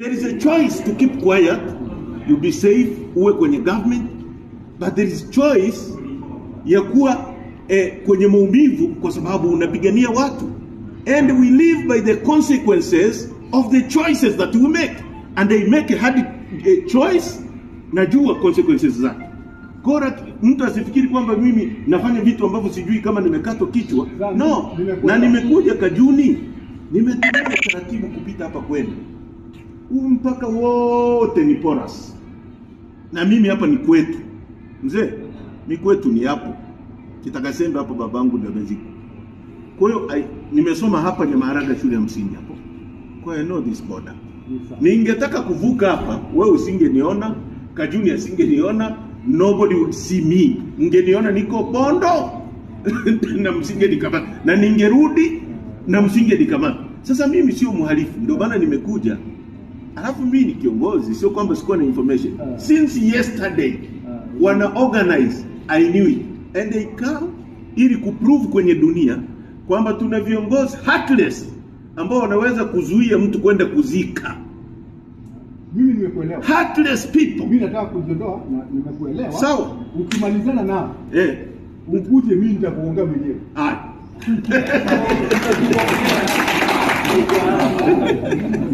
There is a choice to keep quiet, you be safe, uwe kwenye government, but there is choice ya kuwa eh, kwenye maumivu kwa sababu unapigania watu. And we live by the consequences of the choices that we make. And they make a hard a eh, choice, najua consequences zake. Kora mtu asifikiri kwamba mimi nafanya vitu ambavyo sijui kama nimekatwa kichwa. No, na nimekuja Kajuni, nimetumia taratibu kupita hapa kwenu huu mpaka wote ni poras, na mimi hapa ni kwetu mzee, ni kwetu, ni hapo Kitakasembe, hapo babangu ndio amezikwa. Kwa hiyo nimesoma hapa Nyamaharaga shule ya msingi hapo, kwa hiyo I know this border. Ningetaka kuvuka hapa, wewe usingeniona, Kajuni asingeniona, nobody would see me. Mngeniona niko Bondo na msingenikamata, na ningerudi na msinge msingenikamata. Sasa mimi sio mhalifu, ndio maana nimekuja Alafu mimi ni kiongozi, sio kwamba sikuwa na information. Uh, since yesterday uh, wana organize I knew it and they come ili kuprove kwenye dunia kwamba tuna viongozi heartless ambao wanaweza kuzuia mtu kwenda kuzika. Mimi nimekuelewa. Heartless people. Mimi nataka kujiondoa na nimekuelewa. Sawa. So, ukimalizana na eh, ukuje mimi nitakuongea mwenyewe. Haya.